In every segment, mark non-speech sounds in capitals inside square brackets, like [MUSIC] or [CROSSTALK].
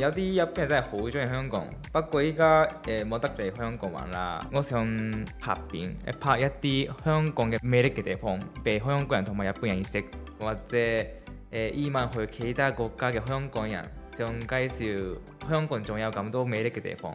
有啲日本人真係好中意香港，不過依家誒冇得嚟香港玩啦。我想拍片，拍一啲香港嘅魅力嘅地方，俾香港人同埋日本人認識，或者誒，移民去其他國家嘅香港人仲介紹香港仲有咁多魅力嘅地方。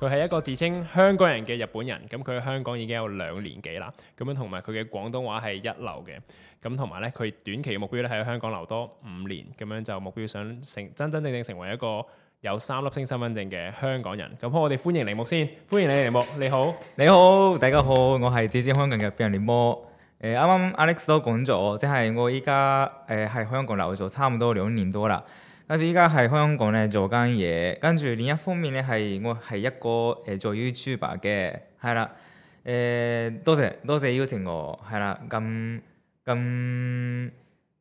佢係一個自稱香港人嘅日本人，咁佢喺香港已經有兩年幾啦，咁樣同埋佢嘅廣東話係一流嘅，咁同埋咧佢短期目標咧喺香港留多五年，咁樣就目標想成真真正正成為一個有三粒星身份證嘅香港人。咁好我哋歡迎鈴木先，歡迎你鈴木，你好，你好，大家好，我係來自治香港嘅日本人鈴木，誒啱啱 Alex 都講咗，即係我依家誒喺香港留咗差唔多兩年多啦。跟住依家喺香港講咧做間嘢，跟住另一方面咧係我係一個誒做 YouTuber 嘅。係啦誒多謝多謝邀請我，係啦咁咁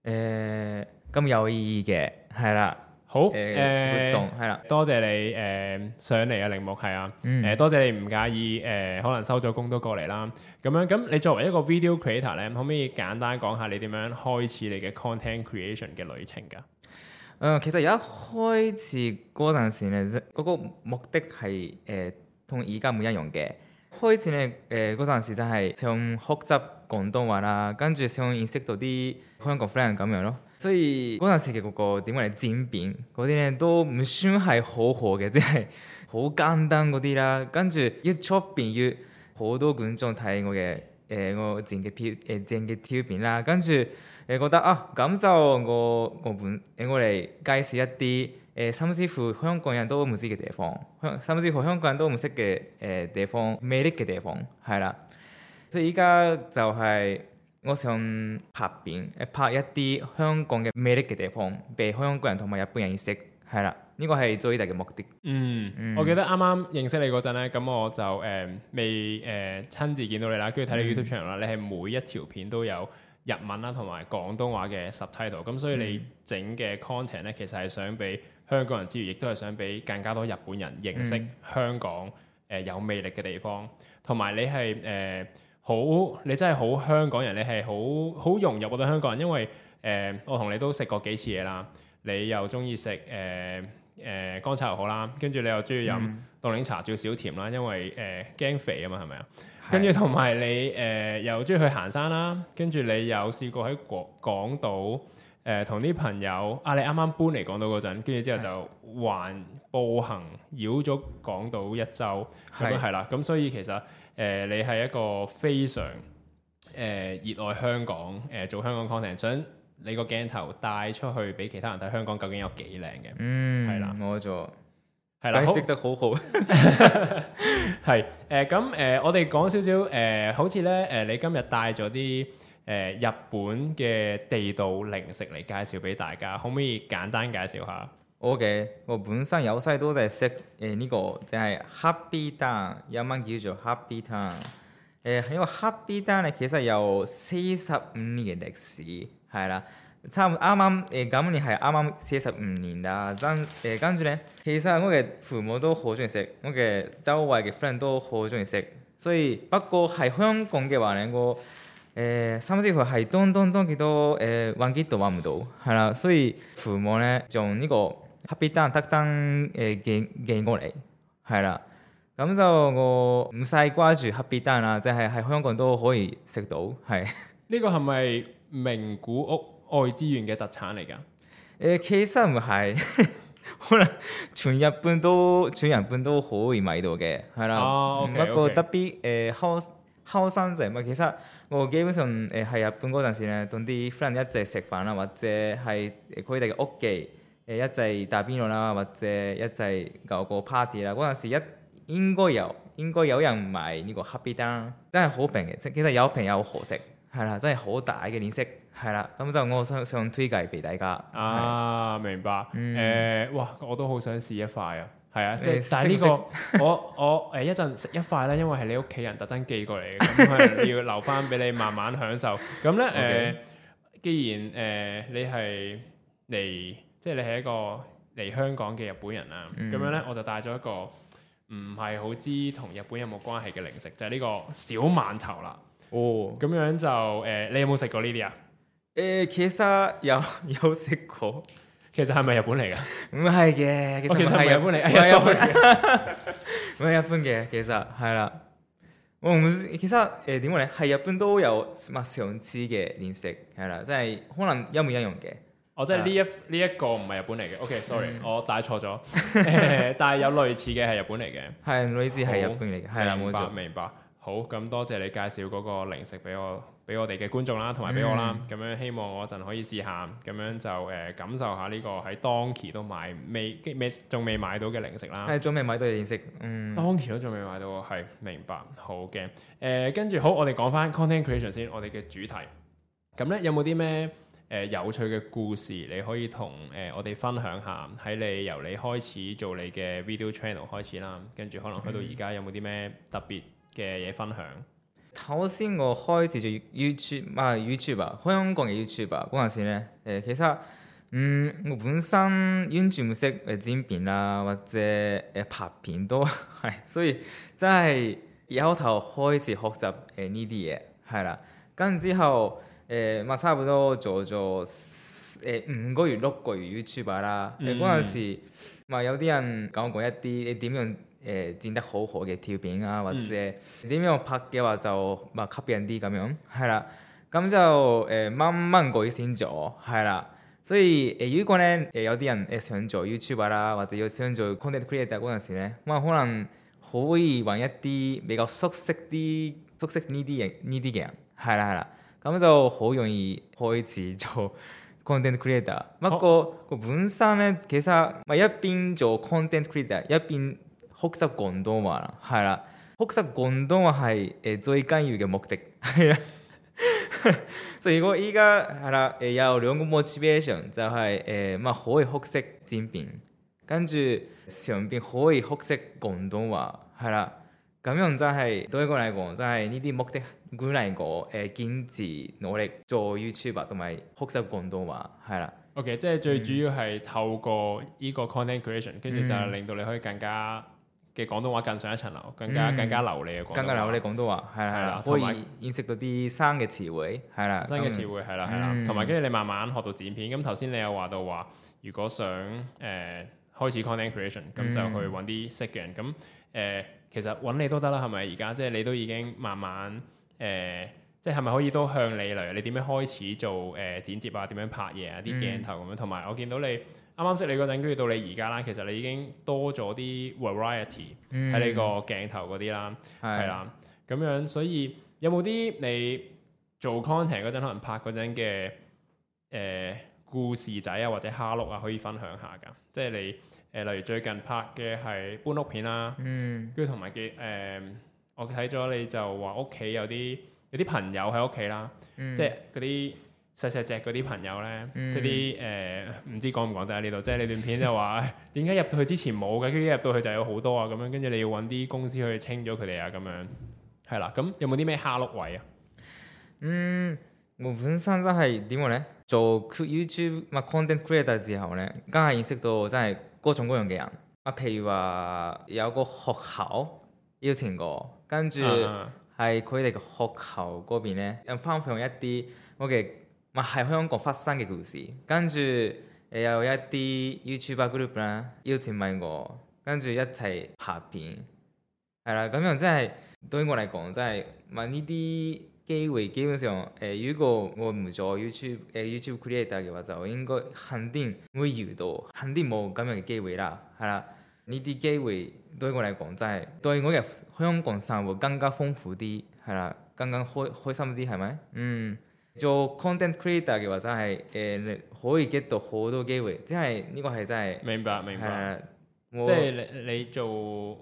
誒咁有意義嘅，係啦好誒、呃、活動係啦、呃啊呃，多謝你誒上嚟嘅鈴木係啊，誒多謝你唔介意誒、呃、可能收咗工都過嚟啦，咁樣咁你作為一個 video creator 咧，可唔可以簡單講下你點樣開始你嘅 content creation 嘅旅程㗎？誒、嗯，其實由一開始嗰陣時咧，嗰、那個目的係誒同而家唔一樣嘅。開始咧誒嗰陣時就係想學習廣東話啦，跟住想認識到啲香港 friend 咁樣咯。所以嗰陣時嘅嗰、那個點嚟剪片嗰啲咧都唔算係好好嘅，即係好簡單嗰啲啦。跟住一出片要好多觀眾睇我嘅誒、呃、我剪嘅片誒剪嘅條片啦，跟住。我覺得啊，咁就我我本我嚟介紹一啲甚至乎香港人都唔知嘅地方，甚至乎香港人都唔識嘅誒地方，魅力嘅地方係啦。所以依家就係我想拍片，拍一啲香港嘅魅力嘅地方，俾香港人同埋日本人認識係啦。呢個係最大嘅目的。嗯，我記得啱啱認識你嗰陣咧，咁我就誒未誒親自見到你啦，跟住睇你 YouTube channel 啦，你係每一條片都有。日文啦，同埋廣東話嘅 subtitle，咁所以你整嘅 content 咧，其實係想俾香港人之餘，亦都係想俾更加多日本人認識香港誒有魅力嘅地方，同埋、嗯、你係誒好，你真係好香港人，你係好好融入我哋香港人，因為誒、呃、我同你都食過幾次嘢啦，你又中意食誒。呃誒幹、呃、茶又好啦，跟住你又中意飲凍檸茶，嗯、最少甜啦，因為誒驚、呃、肥啊嘛，係咪啊？跟住同埋你誒、呃、又中意去行山啦，跟住你有試過喺港港島誒同啲朋友啊，你啱啱搬嚟港島嗰陣，跟住之後就環步行繞咗港島一周，係啦是的，咁是的 所以其實誒、呃、你係一個非常誒、呃、熱愛香港誒、呃、做香港 content 想你個鏡頭帶出去俾其他人睇，香港究竟有幾靚嘅？嗯，係啦，我就，係啦，識得好好，係誒咁誒，我哋講少少誒，好似咧誒，你今日帶咗啲誒日本嘅地道零食嚟介紹俾大家，可唔可以簡單介紹下？OK，我本身有細多嘢識誒，呢個就係 Happy Down 英文叫做 Happy Down 誒、呃，因為 Happy Down 咧其實有四十五年嘅歷史。係啦，差唔多啱啱誒今年係啱啱四十五年啦。誒跟住咧，其實我嘅父母都好鍾意食，我嘅周圍嘅 friend 都好鍾意食。所以不過喺香港嘅話咧，我誒三四份係當當當幾多誒揾幾多揾唔到係啦。所以父母咧仲呢個 Happy 蛋特登誒見見過嚟係啦。咁就我唔使掛住 Happy 蛋啦，就係喺香港都可以食到係。呢個係咪？名古屋愛知縣嘅特產嚟㗎。誒、呃，其實唔係， [LAUGHS] 可能全日本都全日本都好易買到嘅。係啦，不過特別誒烤烤山仔咪。其實我基本上誒係、呃、日本嗰陣時咧，同啲 friend 一齊食飯啦，或者係佢哋嘅屋企誒一齊打邊爐啦，或者一齊搞個 party 啦，嗰陣時一應該有應該有人買呢個 Happy 燈，真係好平嘅。其實有平有好食。係啦，真係好大嘅臉色，係啦，咁就我想想推介俾大家。啊，是明白。誒、嗯呃，哇，我都好想試一塊啊。係啊，即、就、係、是、但係呢、這個， [LAUGHS] 我我誒、呃、一陣食一塊啦，因為係你屋企人特登寄過嚟，咁、嗯、 [LAUGHS] 可能要留翻俾你慢慢享受。咁咧，誒、 [LAUGHS] 呃，既然誒、呃、你係嚟，即係你係一個嚟香港嘅日本人啊，咁、嗯、樣咧，我就帶咗一個唔係好知同日本有冇關係嘅零食，就係、是、呢個小饅頭啦。哦，咁樣就誒，你有冇食過呢啲啊？誒，其實有有食過。其實係咪日本嚟㗎？唔係嘅，其實唔係日本嚟。sorry，唔係日本嘅，其實係啦。我唔知，其實誒點講咧，係日本都有唔少知嘅零食，係啦，即係可能一模一樣嘅。哦，即係呢一呢一個唔係日本嚟嘅。OK，sorry，我帶錯咗，但係有類似嘅係日本嚟嘅，係類似係日本嚟嘅，係啦，明白。好咁，多謝你介紹嗰個零食俾我，俾我哋嘅觀眾啦，同埋俾我啦。咁、嗯、樣希望我一陣可以試下，咁樣就誒感受下呢個喺 d 期都買未，未仲未買到嘅零食啦。係仲未買到嘅零食，嗯 d o 都仲未買到，係明白。好嘅，誒跟住好，我哋講翻 content creation 先，我哋嘅主題咁咧，有冇啲咩誒有趣嘅故事你可以同誒我哋分享下？喺你由你開始做你嘅 video channel 開始啦，跟住可能去到而家有冇啲咩特別嘅嘢分享，頭先我開始做 YouTube，唔係 YouTube 啊，香港嘅 YouTube 啊。嗰陣時咧，誒其實，嗯，我本身完全唔識誒剪片啦，或者誒拍片都係，所以真係由頭開始學習誒呢啲嘢，係啦。跟住之後誒，咪差唔多做咗誒五個月、六個月 YouTube 啦。嗰陣時，咪有啲人講講一啲，你點樣？誒剪得好好嘅條片啊，或者點樣拍嘅話就咪吸引啲咁樣，係啦，咁就誒慢慢改善咗，係啦。所以誒如果咧誒有啲人誒想做 YouTuber 啦，或者有想做 content creator 嗰陣時咧，咪可能可以揾一啲比較熟悉啲熟悉呢啲嘢呢啲嘅人，係啦係啦，咁就好容易開始做 content creator。不過佢本身咧其實，係一邊做 content creator 一邊。學習廣東話係啦，學習廣東話係最緊要嘅目的係啦。所以如果依家係有兩個 motivation，就係誒，可以學習剪片，跟住上面可以學習廣東話係啦。咁樣就係對我嚟講，就係呢啲目的，我嚟講誒堅持努力做 YouTube 同埋學習廣東話係啦。OK，即係最主要係透過依個 content creation，跟住就係令到你可以更加。嘅廣東話更上一層樓，更加更加流利嘅廣、嗯、更加流利嘅廣東話，係啦，係啦，的可以認識到啲、嗯、新嘅詞彙，係啦，新嘅詞彙，係啦、嗯，係啦，同埋跟住你慢慢學到剪片。咁頭先你又話到話，如果想誒、呃、開始 content creation，咁就去揾啲識嘅人。咁誒、嗯呃、其實揾你都得啦，係咪？而家即係你都已經慢慢誒，即係係咪可以都向你嚟？你點樣開始做誒、呃、剪接啊？點樣拍嘢啊？啲鏡頭咁樣。同埋、嗯、我見到你。啱啱識你嗰陣，跟住到你而家啦，其實你已經多咗啲 variety 喺、嗯、你個鏡頭嗰啲啦，係啦，咁樣，所以有冇啲你做 content 嗰陣可能拍嗰陣嘅誒故事仔啊，或者蝦碌啊，可以分享下㗎？即係你誒、呃，例如最近拍嘅係搬屋片啦，嗯，跟住同埋嘅誒，我睇咗你就話屋企有啲有啲朋友喺屋企啦，即係嗰啲。細細隻嗰啲朋友咧，嗯、即係啲誒唔知講唔講得喺呢度， [LAUGHS] 即係你段片就話點解入到去之前冇嘅，跟住入到去就有好多啊咁樣，跟住你要揾啲公司去清咗佢哋啊咁樣，係啦。咁有冇啲咩蝦碌位啊？嗯，我本身真係點講咧，做 YouTube 啊 content c creator 之後咧，梗係認識到真係各種各樣嘅人。啊，譬如話有個學校邀請過，跟住係佢哋嘅學校嗰邊咧，誒翻翻一啲我嘅。係香港發生嘅故事，跟住誒有一啲 YouTube 嘅 group 啦，邀請埋我，跟住一齊拍片，係啦。咁樣真係對我嚟講，真係問呢啲機會，基本上誒如果我唔做 YouTube 誒 YouTube creator 嘅話，就應該肯定會少多，肯定冇咁樣嘅機會啦。係啦，呢啲機會對我嚟講，真係對我嘅香港生活更加豐富啲，係啦，更加開開心啲，係咪？嗯。做 content creator 嘅話真係誒可以 get 到好多機會，即係呢個係真係明白明白。明白即係你你做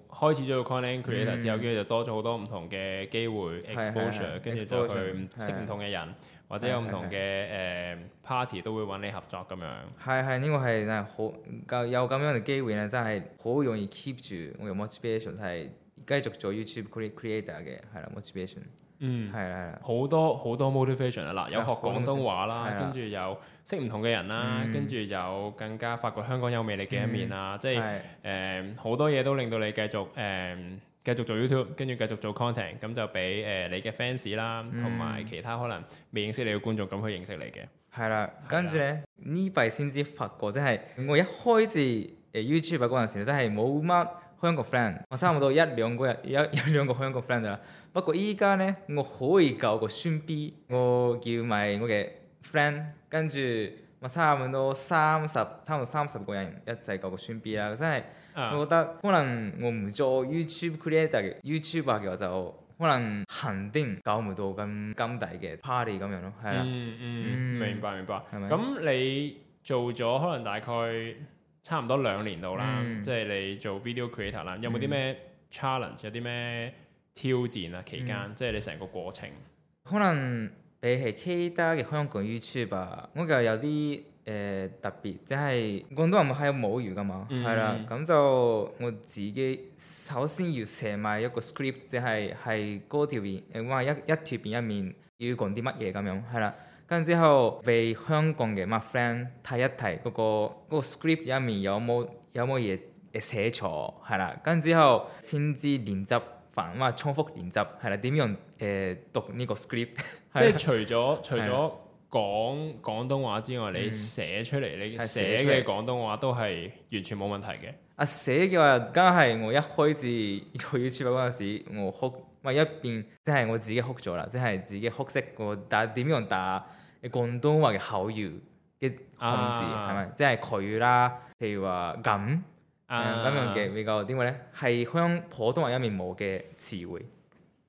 開始咗做 content creator、嗯、之後，跟住就多咗好多唔同嘅機會 exposure，跟住就去識唔同嘅人，或者有唔同嘅誒 party 都會揾你合作咁樣。係係，呢、這個係真係好夠有咁樣嘅機會咧，真係好容易 keep 住我嘅 motivation mot。真係繼續做 YouTube creator 嘅係啦 motivation。嗯，係啊，係啊，好多好多 motivation 啊！嗱，有學廣東話啦，跟住有識唔同嘅人啦，跟住有更加發覺香港有魅力嘅一面啊！即係誒好多嘢都令到你繼續誒繼續做 YouTube，跟住繼續做 content，咁就俾誒你嘅 fans 啦，同埋其他可能未認識你嘅觀眾咁去認識你嘅。係啦，跟住咧呢閉先至發覺，即係我一開始誒 YouTube 嘅嗰陣時，真係冇乜香港 friend，我差唔多一兩個人，一兩個香港 friend 啦。不個 E 家咧，我可以搞個宣 B，我叫埋我嘅 friend，跟住咪差唔多三十，差唔多三十個人一齊搞個宣 B 啦。真係我覺得可能我唔做 YouTube creator、YouTube 嘅話就可能肯定搞唔到咁金底嘅 party 咁樣咯。係啊，嗯嗯，明白明白。咁你做咗可能大概差唔多兩年度啦，嗯、即係你做 video creator 啦，有冇啲咩 challenge？有啲咩？挑戰啊！期間、嗯、即係你成個過程，可能比起其他嘅香港 YouTuber 吧，我就有啲誒、呃、特別，即係廣東話唔係母語噶嘛，係、嗯、啦。咁就我自己首先要寫埋一個 script，即係係嗰條片，哇一一條片一面要講啲乜嘢咁樣，係啦。跟之後俾香港嘅 my friend 睇一睇嗰、那個、那個、script 入面有冇有冇嘢寫錯，係啦。跟之後先知練習。繁重複練習係啦，點樣誒讀呢個 script？即係除咗 [LAUGHS] 的除咗講廣東話之外，嗯、你寫出嚟你寫嘅廣東話都係完全冇問題嘅？啊寫嘅話，梗係我一開始做 YouTube 嗰時，我哭，我一邊即係、就是、我自己哭咗啦，即、就、係、是、自己哭識過。但係點樣打廣東話嘅口語嘅漢字係咪、啊？即係佢啦，譬如話噉。啊咁、嗯、樣嘅比較點解咧？係向普通話入面冇嘅詞彙，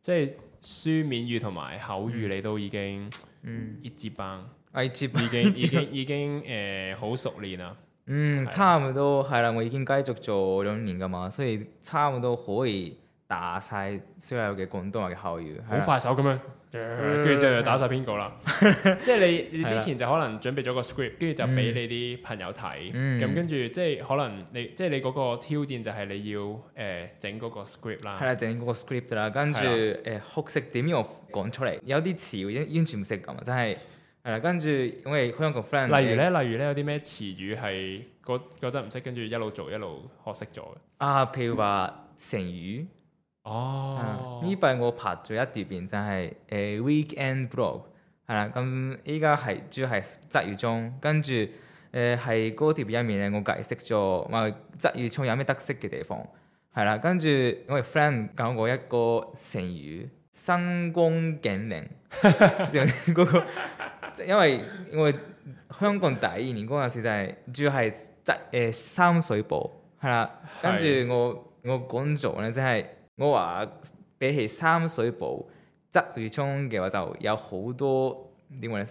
即係書面語同埋口語，你都已經嗯，易接班，易接已經已經已經誒，好熟練啦。嗯，差唔多係啦，我已經繼續做兩年噶嘛，所以差唔多可以。打曬所有嘅廣東話嘅口語，好快手咁樣，跟、嗯、住、嗯、就打晒邊個啦。 [LAUGHS] 即係你你之前就可能準備咗個 script，跟住就俾你啲朋友睇。咁跟住即係可能你即係你嗰個挑戰就係你要誒整嗰個 script 啦。係、呃、啦，整嗰個 script 啦，跟住誒學識點樣講出嚟。有啲詞已經完全唔識咁啊，真係。係啦，跟住我哋香港 friend，例如咧，例如咧，有啲咩詞語係覺得唔識，跟住一路做一路學識咗啊，譬如話成語。哦，呢排、啊、我拍咗一段片，就係、是、誒、呃、weekend vlog 係啦，咁依家係主要係七月中，就是、1970, 跟住誒係嗰段片入面咧，我解釋咗話七月中有咩特色嘅地方，係啦，跟住我哋 friend 教我一個成語，新光景靚，哈 [LAUGHS] 哈， [LAUGHS] 那個、 [LAUGHS] 因為因為香港第二年嗰陣時就係主要係七誒三水埗。係啦， [LAUGHS] 跟住我我講咗咧，即係。我話比起三水埗、鰂魚涌嘅話，就有好多點講咧？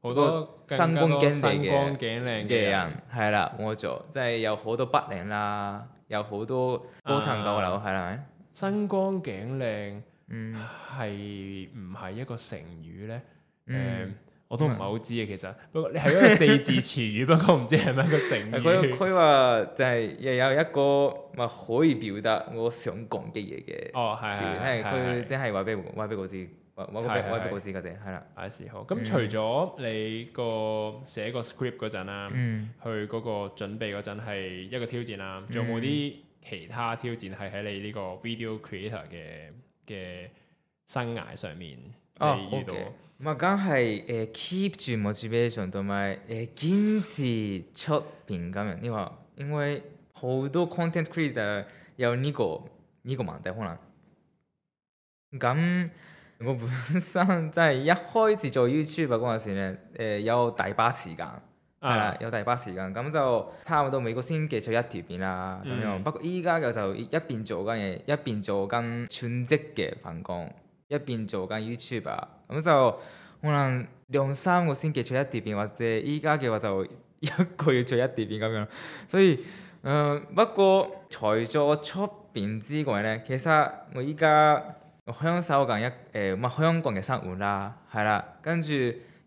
好多身光頸靚嘅嘅人係啦，我做即係、就是、有好多北嶺啦，有好多高層舊樓係啦，咪、啊？身的光頸靚嗯係唔係一個成語咧？誒、嗯。Um, 我都唔係好知啊，其實不過你係一個四字詞語，不過唔知係咪一個成語？佢佢話就係又有一個咪可以表達我想講嘅嘢嘅。哦，係係佢即係話俾話俾我知，話話俾我知嗰陣係啦。時候咁除咗你個寫個 script 嗰陣啦，去嗰個準備嗰陣係一個挑戰啦，仲有冇啲其他挑戰係喺你呢個 video creator 嘅嘅生涯上面？哦，梗係誒，keep 住 motivation 同埋誒，堅持出片咁樣。你話因為好多 content creator 有呢個呢個問題，但可能咁我本身真係一開始做 YouTube 嗰陣時咧，誒，有大把時間，係啦，有大把時間，咁就差唔多每個星期出一條片啦。咁樣不過依家嘅就一邊做緊嘢，一邊做緊全職嘅份工。一邊做緊 YouTuber，咁就可能兩三個星期做一碟片，或者依家嘅話就一個月做一碟片咁樣。所以誒，不過除咗出邊之外咧，其實我依家我享受緊一誒，唔係香港嘅生活啦，係啦，跟住。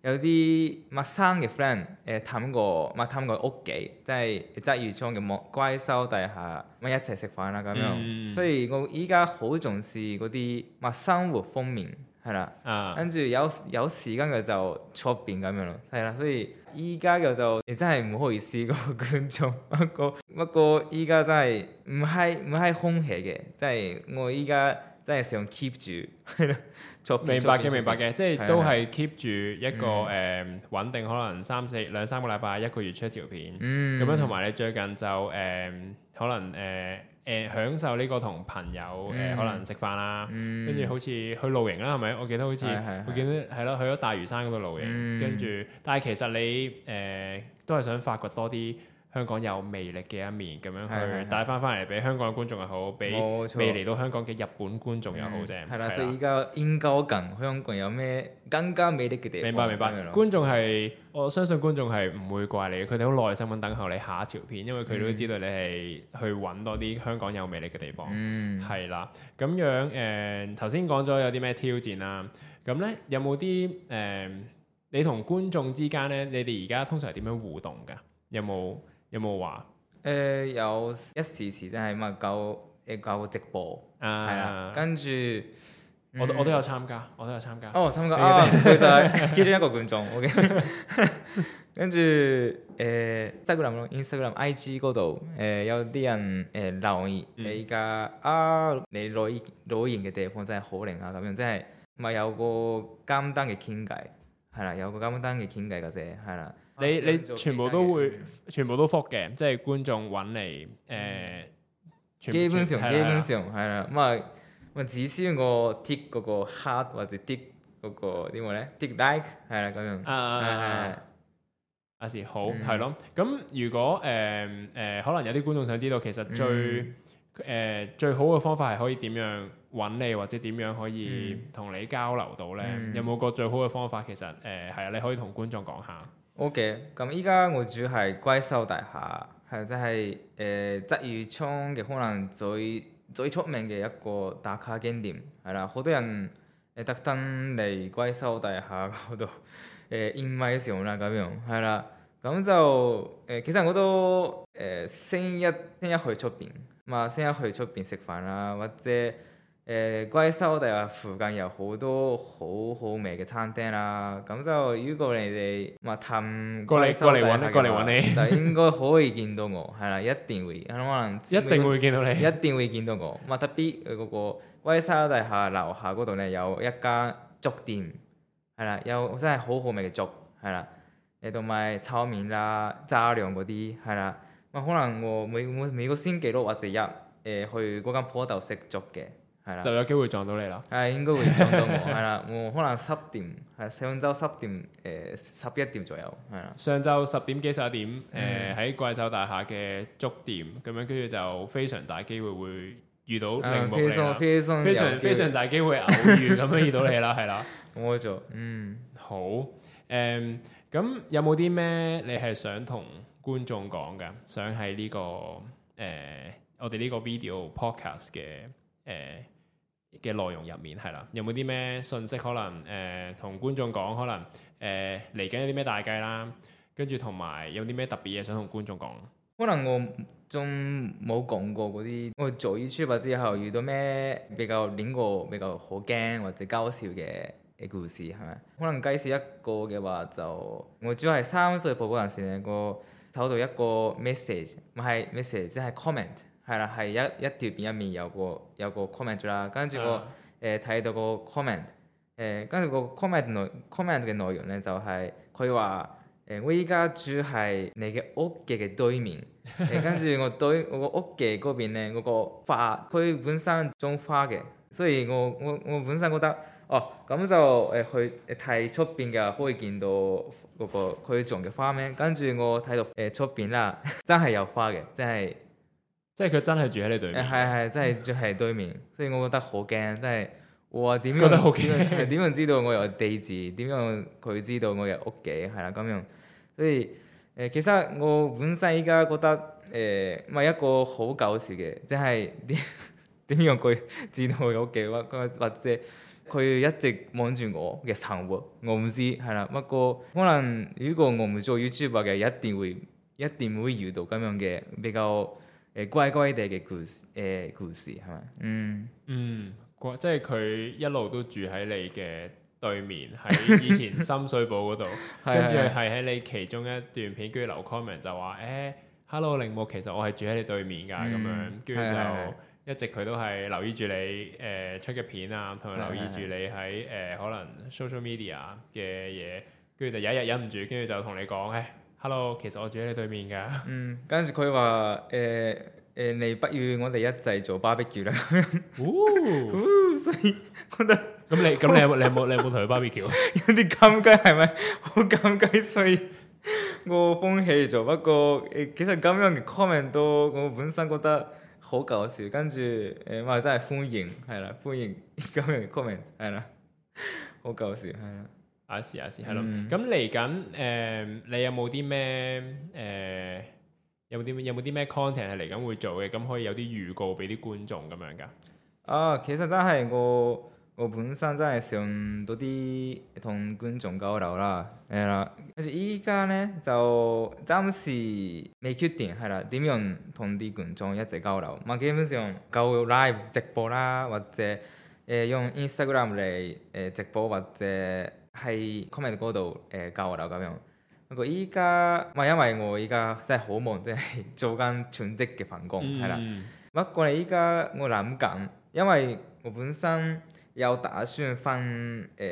有啲陌生嘅 friend 誒探過，咪探過屋企，即係質預裝嘅莫歸收底下，咪一齊食飯啦咁樣。嗯、所以我依家好重視嗰啲陌生活方面，係啦。跟住、啊、有有時間嘅就出邊咁樣咯，係啦。所以依家嘅就你、欸、真係唔好意思個 [LAUGHS] 觀眾，不過不過依家真係唔係唔係空氣嘅，即係我依家。即係想 keep 住，明白嘅，明白嘅，即係都係 keep 住一個誒穩定，可能三四兩三個禮拜一個月出條片，咁樣同埋你最近就誒可能誒誒享受呢個同朋友誒可能食飯啦，跟住好似去露營啦，係咪？我記得好似我記得係咯，去咗大嶼山嗰度露營，跟住，但係其實你誒都係想發掘多啲香港有魅力嘅一面，咁樣去帶翻翻嚟俾香港嘅觀眾又好，俾錯未嚟到香港嘅日本觀眾又好，正係啦，嗯、的所以而家應該近香港有咩更加魅力嘅地方？明白，明白。觀眾係，我相信觀眾係唔會怪你，佢哋好耐心咁等候你下一條片，因為佢都知道你係去揾多啲香港有魅力嘅地方。嗯，係啦。咁樣，誒、呃，頭先講咗有啲咩挑戰啦、啊，咁呢，有冇啲誒，你同觀眾之間呢？你哋而家通常係點樣互動噶？有冇？有冇話？誒有一時時真係咪搞誒搞直播？係啊，跟住我我都有參加，我都有參加。哦，參加啊！其實其中一個觀眾，OK。跟住誒，Instagram、Instagram、IG 嗰度誒，有啲人誒留言你噶啊，你女女型嘅地方真係好靚啊，咁樣即係咪有個簡單嘅傾偈？係啦，有個簡單嘅傾偈嘅啫，係啦。你你全部都會全部都覆嘅，即係觀眾揾你誒，基本上基本上係啦，咁啊，我只需要我貼嗰個 heart 或者 tick 貼嗰個點講咧，貼 like 係啦咁樣。啊啊啊！阿時好係咯，咁如果誒誒，可能有啲觀眾想知道，其實最誒最好嘅方法係可以點樣揾你，或者點樣可以同你交流到咧？有冇個最好嘅方法？其實誒係啊，你可以同觀眾講下。O.K. 咁依家我住係貴秀大廈，係即係誒鰂魚涌嘅可能最最出名嘅一個打卡景點。係啦，好多人誒特登嚟貴秀大廈嗰度誒影相啦咁樣，係啦。咁就誒、呃、其實我都誒、呃、先一先一去出邊，嘛先一去出邊食飯啦，或者。誒貴沙大廈附近有好多好好味嘅餐廳啦，啊，咁就如果你哋咪探貴沙大廈嘅話，就應該可以見到我，係啦，一定會，可能可能一定會見到你，一定會見到我。咁啊，特別誒嗰個貴沙大廈樓下嗰度呢，有一間粥店，係啦，有真係好好味嘅粥，係啦，誒同埋炒麵啦，炸兩嗰啲，係啦。咁可能我每每每個星期六或者日誒去嗰間鋪頭食粥嘅。係啦，就有機會撞到你啦。係應該會撞到我。係啦， [LAUGHS] 我可能十點，係上晝十點，誒十一點左右，係啦。上晝十點幾十一點，誒喺、嗯呃、怪獸大廈嘅粥店咁樣，跟住就非常大機會會遇到 Lingmuk、嗯、非常，非常，非，常非常大機會偶遇咁樣遇到你啦，係啦。我就嗯好，誒咁有冇啲咩你係想同觀眾講嘅？想喺呢個誒我哋呢個 video podcast 嘅誒？呃嘅內容入面係啦，有冇啲咩信息可能誒同觀眾講？可能誒嚟緊有啲咩大計啦，跟住同埋有啲咩特別嘢想同觀眾講？可能、呃、有有可能我仲冇講過嗰啲，我做 YouTube 之後遇到咩比較攆過、比較可驚或者搞笑嘅嘅故事係咪？可能介紹一個嘅話就，我主要係三歲報嗰陣時，我收到一個 message，唔係 message 即係 comment。係啦，係一一條片入面有個有個 comment 啦，跟住我睇到個 comment，誒、呃，跟住個 comment，comment 嘅內容咧就係佢話誒，我依家住喺你嘅屋企嘅對面，呃、跟住我對我屋企嗰邊咧嗰個花，佢本身種花嘅，所以我我我本身覺得哦，咁就誒、呃、去睇出面嘅可以見到嗰、那個佢種嘅花咩？跟住我睇到誒出面啦，真係有花嘅，真係。即係佢真係住喺你對面，係係，真係住喺對面，所以我覺得好驚，即係我點樣點樣知道我有地址，點樣佢知道我嘅屋企，係啦咁樣。所以誒、呃，其實我本身依家覺得誒，咪一個好搞笑嘅，即係點點樣佢知道我嘅屋企，或或者佢一直望住我嘅生活，我唔知係啦。不過可能如果我唔做 YouTuber 嘅，一定會一定會遇到咁樣嘅比較。誒，乖乖哋嘅故事，誒、呃，故事係咪？嗯嗯，即係佢一路都住喺你嘅對面，喺以前深水埗嗰度。 [LAUGHS] 跟住係喺你其中一段片，跟住留 comment，就話誒、欸、Hello 鈴木，其實我係住喺你對面噶，咁、嗯、樣，跟住就一直佢都係留意住你誒、呃、出嘅片啊，同埋留意住你喺誒、 [LAUGHS] 嗯呃、可能 social media 嘅嘢，跟住就有一日忍唔住，跟住就同你講誒。哎 Hello，其實我住喺你對面㗎。嗯，跟住佢話誒誒，你不如我哋一齊做 barbecue 啦。 [LAUGHS] 哦,哦，所以覺得咁你咁你, [LAUGHS] 你有冇你有冇你有冇同佢 barbecue？有啲尷尬係咪？好尷尬，所以我放棄咗。不過誒、呃，其實咁樣嘅 comment 都我本身覺得好搞笑。跟住我嘛真係歡迎係啦，歡迎咁樣嘅 comment 係啦，好搞笑係啦。啊是啊是係咯。咁嚟緊誒，你有冇啲咩誒？有冇啲咩有冇啲咩 content 係嚟緊會做嘅？咁可以有啲預告俾啲觀眾咁樣㗎。啊，其實真係我我本身真係想多啲同觀眾交流啦，係啦。依家咧就暫時未決定，係啦。點樣同啲觀眾一齊交流？咪幾無用搞 live 直播啦，或者誒、呃、用 Instagram 嚟誒、呃、直播，或者～係 comment 嗰度誒教我啦咁樣，不過依家唔係因為我依家真係好忙，即 [LAUGHS] 係做間全職嘅份工，係啦、嗯。不過依家我諗緊，因為我本身有打算分誒、呃、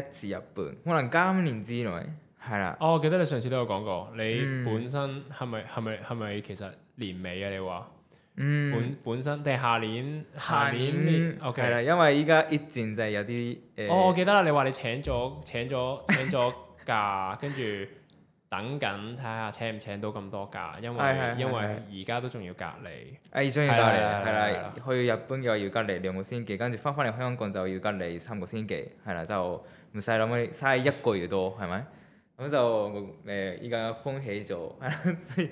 一次日本，可能今年之內係啦、哦。我記得你上次都有講過，你本身係咪係咪係咪其實年尾啊？你話。嗯，本本身定下年下年，OK，係啦，因為依家疫情就係有啲，誒、欸哦，我記得啦，你話你請咗請咗請咗假，跟住 [LAUGHS] 等緊睇下請唔請到咁多假，因為是是是是因為而家都仲要隔離，誒、哎，仲要隔離，係啦，去日本嘅話要隔離兩個星期，跟住翻翻嚟香港就要隔離三個星期，係啦，就唔使諗，咪嘥一個月多，係咪？咁就誒，依家風起咗，所以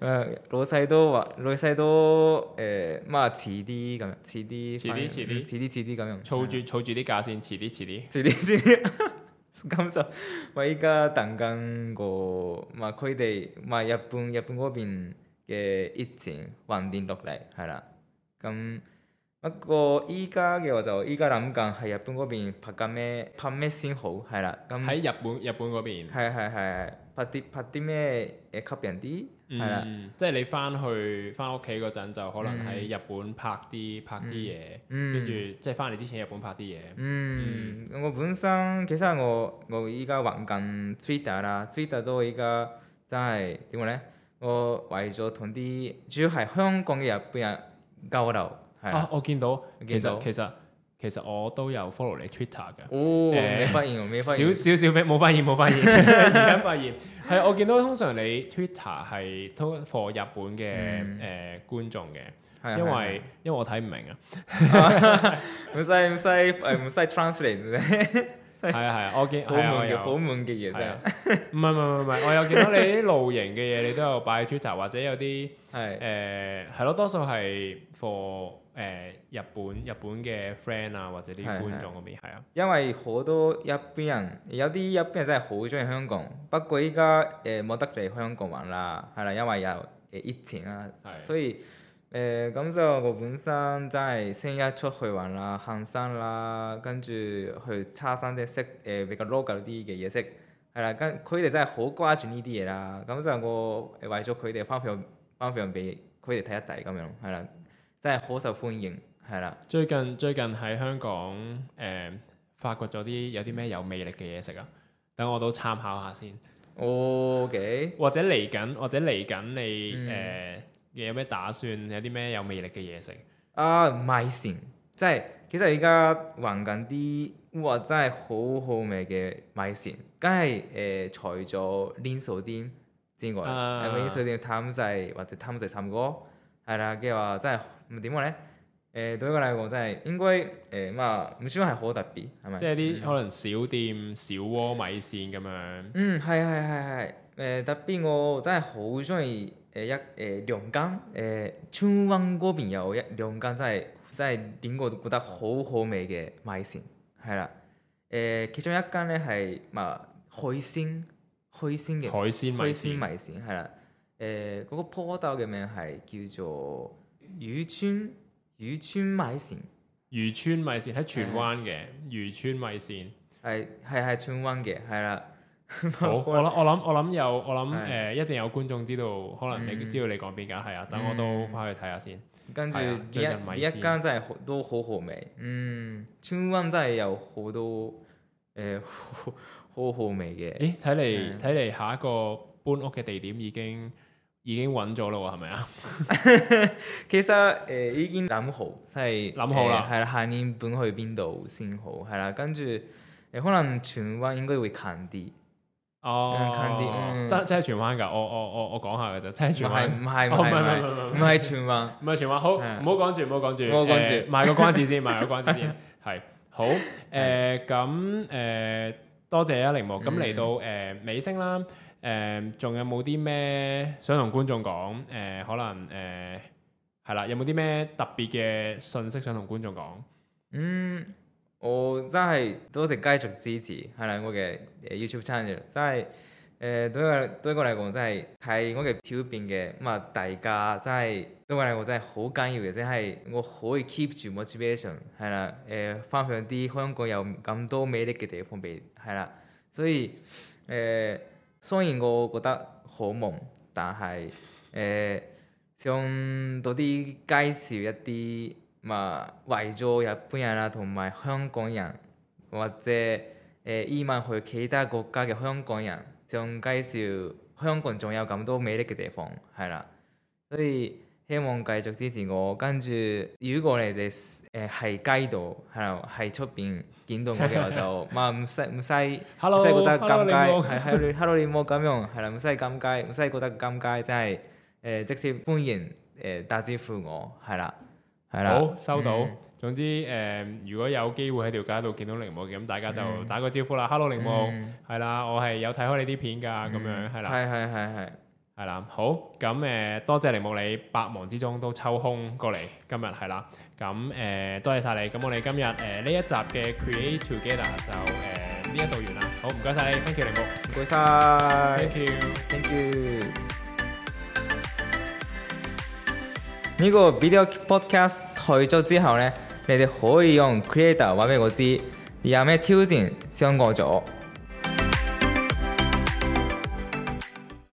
誒老細都話，老細都誒，嘛遲啲咁樣，遲啲，遲啲，遲啲，遲啲，遲啲咁樣，儲住儲住啲價先，遲啲，遲啲，遲啲先。咁就我依家等緊個唔係，佢哋，唔係日本日本嗰邊嘅疫情穩定落嚟，係啦，咁。不過依家嘅我就依家諗緊喺日本嗰邊拍緊咩拍咩先好，係啦，咁喺日本日本嗰邊係係係拍啲拍啲咩誒吸引啲係啦，嗯、的即係你翻去翻屋企嗰陣就可能喺日本拍啲、嗯、拍啲嘢，跟住、嗯、即係翻嚟之前日本拍啲嘢。嗯，嗯我本身其實我我依家玩緊 Twitter 啦，Twitter 都依家真係點講咧？我為咗同啲主要係香港嘅日本人交流。啊！我見到，其實其實其實我都有 follow 你 Twitter 嘅。哦，未發現，未發現。少少少咩？冇發現，冇發現。而家發現，係我見到，通常你 Twitter 係通 for 日本嘅誒觀眾嘅，因為因為我睇唔明啊。唔使唔使誒唔使 translate 啫。係啊係啊，我見好滿好滿嘅嘢真係。唔係唔係唔係，我有見到你啲露營嘅嘢，你都有擺喺 Twitter，或者有啲係誒係咯，多數係 for。誒日本日本嘅 friend 啊，或者啲觀眾嗰邊啊，因為好多日本人有啲日本人真係好中意香港，不過依家誒冇得嚟香港玩啦，係啦、啊，因為有誒疫情啦、啊，的所以誒咁、呃、就我本身真係成日出去玩啦、行山啦，跟住去叉山啲識誒比較 local 啲嘅嘢食，係、啊、啦，跟佢哋真係好掛住呢啲嘢啦，咁就我為咗佢哋方便方便俾佢哋睇一睇咁樣，係啦、啊。真係好受歡迎，係啦。最近最近喺香港誒、呃、發掘咗啲有啲咩有魅力嘅嘢食啊，等我都參考下先。哦，OK 或，或者嚟緊，或者嚟緊，你誒有咩打算？有啲咩有魅力嘅嘢食啊？米線，即係其實而家揾緊啲哇，真係好好味嘅米線，梗係誒除咗連鎖店之外，連鎖店譚仔或者譚仔三哥係啦，嘅話真係唔知點講咧？誒，舉一個例講，真係應該誒咁啊，唔算係好特別，係咪？即係啲可能小店、小鍋米線咁樣。嗯，係係係係，誒特別我真係好中意誒一誒兩間誒荃灣嗰邊有一兩間真係真係點我都覺得好好味嘅米線，係啦。誒其中一間咧係嘛海鮮海鮮嘅海鮮米線，海鮮米線係啦。誒嗰、嗯那個鋪頭嘅名係叫做漁村漁村米線，漁村米線喺荃灣嘅漁村米線，係係係荃灣嘅，係啦。好，我諗我諗我諗有我諗誒的、呃，一定有觀眾知道，可能你知道你講邊間係啊？等、嗯、我都翻去睇下先。跟住一呢一間真係都好好味。嗯，荃灣真係有多、呃、好多誒好好味嘅。咦、欸？睇嚟睇嚟，的下一個搬屋嘅地點已經～已經揾咗咯喎，係咪啊？其實誒已經諗好，即係諗好啦，係啦，下年本去邊度先好，係啦，跟住誒可能荃灣應該會近啲，哦，近啲，即即係荃灣㗎，我我我我講下㗎啫，真係荃灣，唔係唔係唔係唔係荃灣，唔係荃灣，好唔好講住？唔好講住，唔好講住，賣個關子先，賣個關子先，係好誒咁誒多謝啊，鈴木，咁嚟到誒尾聲啦。誒，仲、嗯、有冇啲咩想同觀眾講？誒、呃，可能誒係啦，有冇啲咩特別嘅信息想同觀眾講？嗯，我真係多謝繼續支持係啦我嘅 YouTube channel，真係誒、呃、對，對真我對我嚟講真係係我嘅挑戰嘅咁啊，大家真係對我嚟講真係好緊要嘅，真係我可以 keep 住 motivation 係啦誒，翻向啲香港有咁多魅力嘅地方嚟係啦，所以誒，呃雖然我覺得好悶，但係誒、呃、想多啲介紹一啲嘛，為咗日本人啊同埋香港人或者誒、呃、移民去其他國家嘅香港人，想介紹香港仲有咁多美麗嘅地方係啦，所以。希望繼續支持我，跟住如果你哋誒喺街度，係啦喺出邊見到我嘅，我就唔使唔使唔使覺得尷尬，係係，hello，你好咁樣，係啦，唔使尷尬，唔使覺得尷尬，真係誒，直接歡迎誒打招呼我，係啦，係啦，好收到。總之誒，如果有機會喺條街度見到鈴木嘅，咁大家就打個招呼啦，hello 鈴木，係啦，我係有睇開你啲片噶，咁樣係啦，係係係係。係啦，好咁誒、嗯，多謝鈴木你百忙之中都抽空過嚟今日，係啦，咁、嗯、誒多謝晒你，咁我哋今日誒呢一集嘅 Create Together 就誒呢一度完啦，好唔該晒你 thank you 鈴木，唔該晒 thank you，thank you。呢個 video podcast 退咗之後呢，你哋可以用 Creator 話俾我知，你有咩挑戰上過咗。